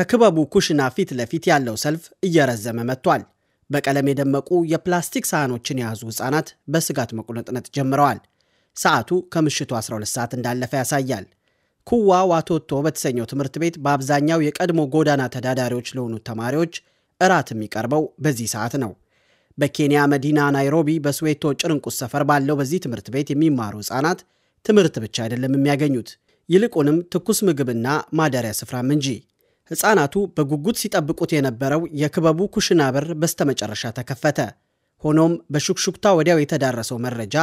ከክበቡ ኩሽና ፊት ለፊት ያለው ሰልፍ እየረዘመ መጥቷል። በቀለም የደመቁ የፕላስቲክ ሳህኖችን የያዙ ሕፃናት በስጋት መቁነጥነጥ ጀምረዋል። ሰዓቱ ከምሽቱ 12 ሰዓት እንዳለፈ ያሳያል። ኩዋ ዋቶቶ በተሰኘው ትምህርት ቤት በአብዛኛው የቀድሞ ጎዳና ተዳዳሪዎች ለሆኑት ተማሪዎች እራት የሚቀርበው በዚህ ሰዓት ነው። በኬንያ መዲና ናይሮቢ በስዌቶ ጭርንቁስ ሰፈር ባለው በዚህ ትምህርት ቤት የሚማሩ ሕፃናት ትምህርት ብቻ አይደለም የሚያገኙት፣ ይልቁንም ትኩስ ምግብና ማደሪያ ስፍራም እንጂ ሕፃናቱ በጉጉት ሲጠብቁት የነበረው የክበቡ ኩሽና በር በስተመጨረሻ ተከፈተ። ሆኖም በሹክሹክታ ወዲያው የተዳረሰው መረጃ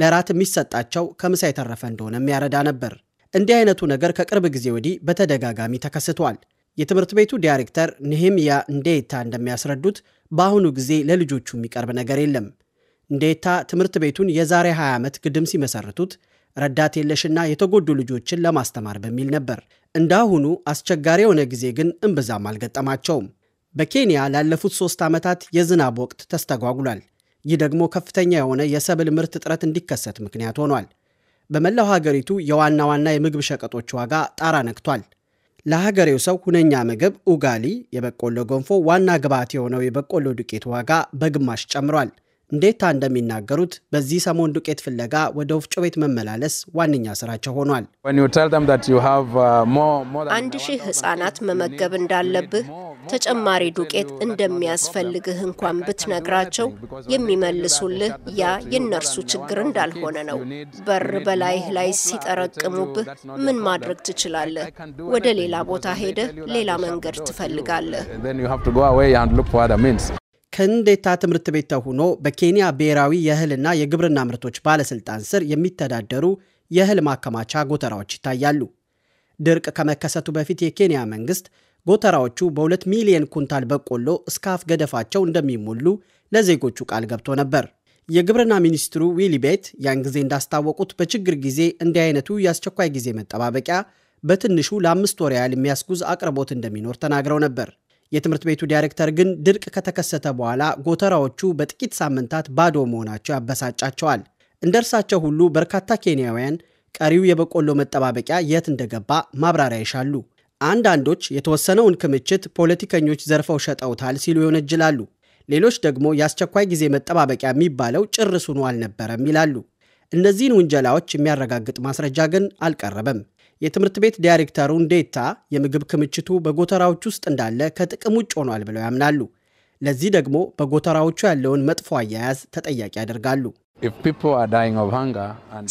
ለራት የሚሰጣቸው ከምሳ የተረፈ እንደሆነ ያረዳ ነበር። እንዲህ አይነቱ ነገር ከቅርብ ጊዜ ወዲህ በተደጋጋሚ ተከስቷል። የትምህርት ቤቱ ዳይሬክተር ኒሄምያ እንዴታ እንደሚያስረዱት በአሁኑ ጊዜ ለልጆቹ የሚቀርብ ነገር የለም። እንዴታ ትምህርት ቤቱን የዛሬ 20 ዓመት ግድም ሲመሰርቱት ረዳት የለሽና የተጎዱ ልጆችን ለማስተማር በሚል ነበር። እንዳሁኑ አስቸጋሪ የሆነ ጊዜ ግን እምብዛም አልገጠማቸውም። በኬንያ ላለፉት ሦስት ዓመታት የዝናብ ወቅት ተስተጓጉሏል። ይህ ደግሞ ከፍተኛ የሆነ የሰብል ምርት እጥረት እንዲከሰት ምክንያት ሆኗል። በመላው ሀገሪቱ የዋና ዋና የምግብ ሸቀጦች ዋጋ ጣራ ነክቷል። ለሀገሬው ሰው ሁነኛ ምግብ ኡጋሊ፣ የበቆሎ ገንፎ ዋና ግብዓት የሆነው የበቆሎ ዱቄት ዋጋ በግማሽ ጨምሯል። እንዴታ እንደሚናገሩት በዚህ ሰሞን ዱቄት ፍለጋ ወደ ወፍጮ ቤት መመላለስ ዋነኛ ስራቸው ሆኗል። uh, አንድ ሺህ ህጻናት መመገብ እንዳለብህ ተጨማሪ ዱቄት እንደሚያስፈልግህ እንኳን ብትነግራቸው የሚመልሱልህ ያ የእነርሱ ችግር እንዳልሆነ ነው። በር በላይህ ላይ ሲጠረቅሙብህ ምን ማድረግ ትችላለህ? ወደ ሌላ ቦታ ሄደህ ሌላ መንገድ ትፈልጋለህ። ከእንዴታ ትምህርት ቤት ተሆኖ በኬንያ ብሔራዊ የእህልና የግብርና ምርቶች ባለሥልጣን ስር የሚተዳደሩ የእህል ማከማቻ ጎተራዎች ይታያሉ። ድርቅ ከመከሰቱ በፊት የኬንያ መንግሥት ጎተራዎቹ በ2 ሚሊዮን ኩንታል በቆሎ እስከ አፍ ገደፋቸው እንደሚሞሉ ለዜጎቹ ቃል ገብቶ ነበር። የግብርና ሚኒስትሩ ዊሊ ቤት ያን ጊዜ እንዳስታወቁት በችግር ጊዜ እንዲህ አይነቱ የአስቸኳይ ጊዜ መጠባበቂያ በትንሹ ለአምስት ወር ያህል የሚያስጉዝ አቅርቦት እንደሚኖር ተናግረው ነበር። የትምህርት ቤቱ ዳይሬክተር ግን ድርቅ ከተከሰተ በኋላ ጎተራዎቹ በጥቂት ሳምንታት ባዶ መሆናቸው ያበሳጫቸዋል። እንደ እርሳቸው ሁሉ በርካታ ኬንያውያን ቀሪው የበቆሎ መጠባበቂያ የት እንደገባ ማብራሪያ ይሻሉ። አንዳንዶች የተወሰነውን ክምችት ፖለቲከኞች ዘርፈው ሸጠውታል ሲሉ ይወነጅላሉ። ሌሎች ደግሞ የአስቸኳይ ጊዜ መጠባበቂያ የሚባለው ጭርሱኑ አልነበረም ይላሉ። እነዚህን ውንጀላዎች የሚያረጋግጥ ማስረጃ ግን አልቀረበም። የትምህርት ቤት ዳይሬክተሩ እንዴታ የምግብ ክምችቱ በጎተራዎች ውስጥ እንዳለ ከጥቅም ውጭ ሆኗል ብለው ያምናሉ። ለዚህ ደግሞ በጎተራዎቹ ያለውን መጥፎ አያያዝ ተጠያቂ ያደርጋሉ።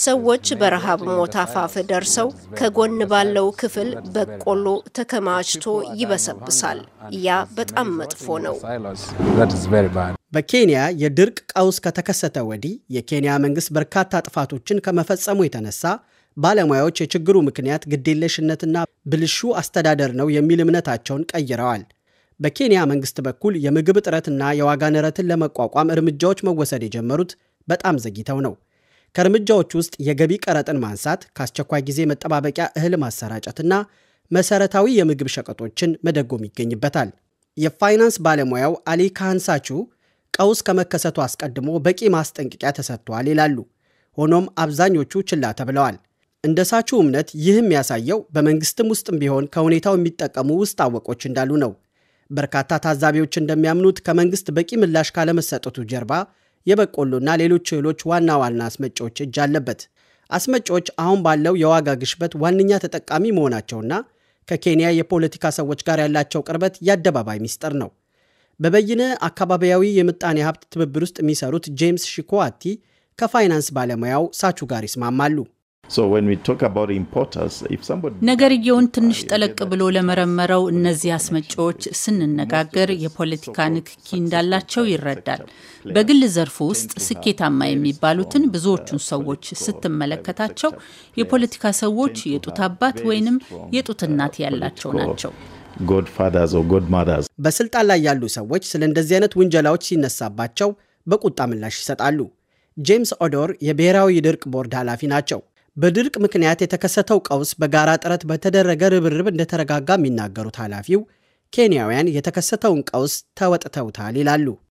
ሰዎች በረሃብ ሞት አፋፍ ደርሰው ከጎን ባለው ክፍል በቆሎ ተከማችቶ ይበሰብሳል። ያ በጣም መጥፎ ነው። በኬንያ የድርቅ ቀውስ ከተከሰተ ወዲህ የኬንያ መንግስት በርካታ ጥፋቶችን ከመፈጸሙ የተነሳ ባለሙያዎች የችግሩ ምክንያት ግዴለሽነትና ብልሹ አስተዳደር ነው የሚል እምነታቸውን ቀይረዋል። በኬንያ መንግስት በኩል የምግብ እጥረትና የዋጋ ንረትን ለመቋቋም እርምጃዎች መወሰድ የጀመሩት በጣም ዘግይተው ነው። ከእርምጃዎች ውስጥ የገቢ ቀረጥን ማንሳት፣ ከአስቸኳይ ጊዜ መጠባበቂያ እህል ማሰራጨትና መሰረታዊ የምግብ ሸቀጦችን መደጎም ይገኝበታል። የፋይናንስ ባለሙያው አሊ ካህንሳቹ ቀውስ ከመከሰቱ አስቀድሞ በቂ ማስጠንቀቂያ ተሰጥቷል ይላሉ። ሆኖም አብዛኞቹ ችላ ተብለዋል። እንደ ሳቹ እምነት ይህም ያሳየው በመንግስትም ውስጥም ቢሆን ከሁኔታው የሚጠቀሙ ውስጥ አወቆች እንዳሉ ነው። በርካታ ታዛቢዎች እንደሚያምኑት ከመንግስት በቂ ምላሽ ካለመሰጠቱ ጀርባ የበቆሎና ሌሎች እህሎች ዋና ዋና አስመጪዎች እጅ አለበት። አስመጪዎች አሁን ባለው የዋጋ ግሽበት ዋነኛ ተጠቃሚ መሆናቸውና ከኬንያ የፖለቲካ ሰዎች ጋር ያላቸው ቅርበት የአደባባይ ሚስጥር ነው። በበይነ አካባቢያዊ የምጣኔ ሀብት ትብብር ውስጥ የሚሰሩት ጄምስ ሺኮዋቲ ከፋይናንስ ባለሙያው ሳቹ ጋር ይስማማሉ። ነገርየውን ትንሽ ጠለቅ ብሎ ለመረመረው እነዚህ አስመጪዎች ስንነጋገር የፖለቲካ ንክኪ እንዳላቸው ይረዳል። በግል ዘርፉ ውስጥ ስኬታማ የሚባሉትን uh, ብዙዎቹን ሰዎች ስትመለከታቸው የፖለቲካ ሰዎች የጡት አባት ወይንም uh, የጡት እናት ያላቸው ናቸው። በስልጣን ላይ ያሉ ሰዎች ስለ እንደዚህ አይነት ውንጀላዎች ሲነሳባቸው በቁጣ ምላሽ ይሰጣሉ። ጄምስ ኦዶር የብሔራዊ ድርቅ ቦርድ ኃላፊ ናቸው። በድርቅ ምክንያት የተከሰተው ቀውስ በጋራ ጥረት በተደረገ ርብርብ እንደተረጋጋ የሚናገሩት ኃላፊው ኬንያውያን የተከሰተውን ቀውስ ተወጥተውታል ይላሉ።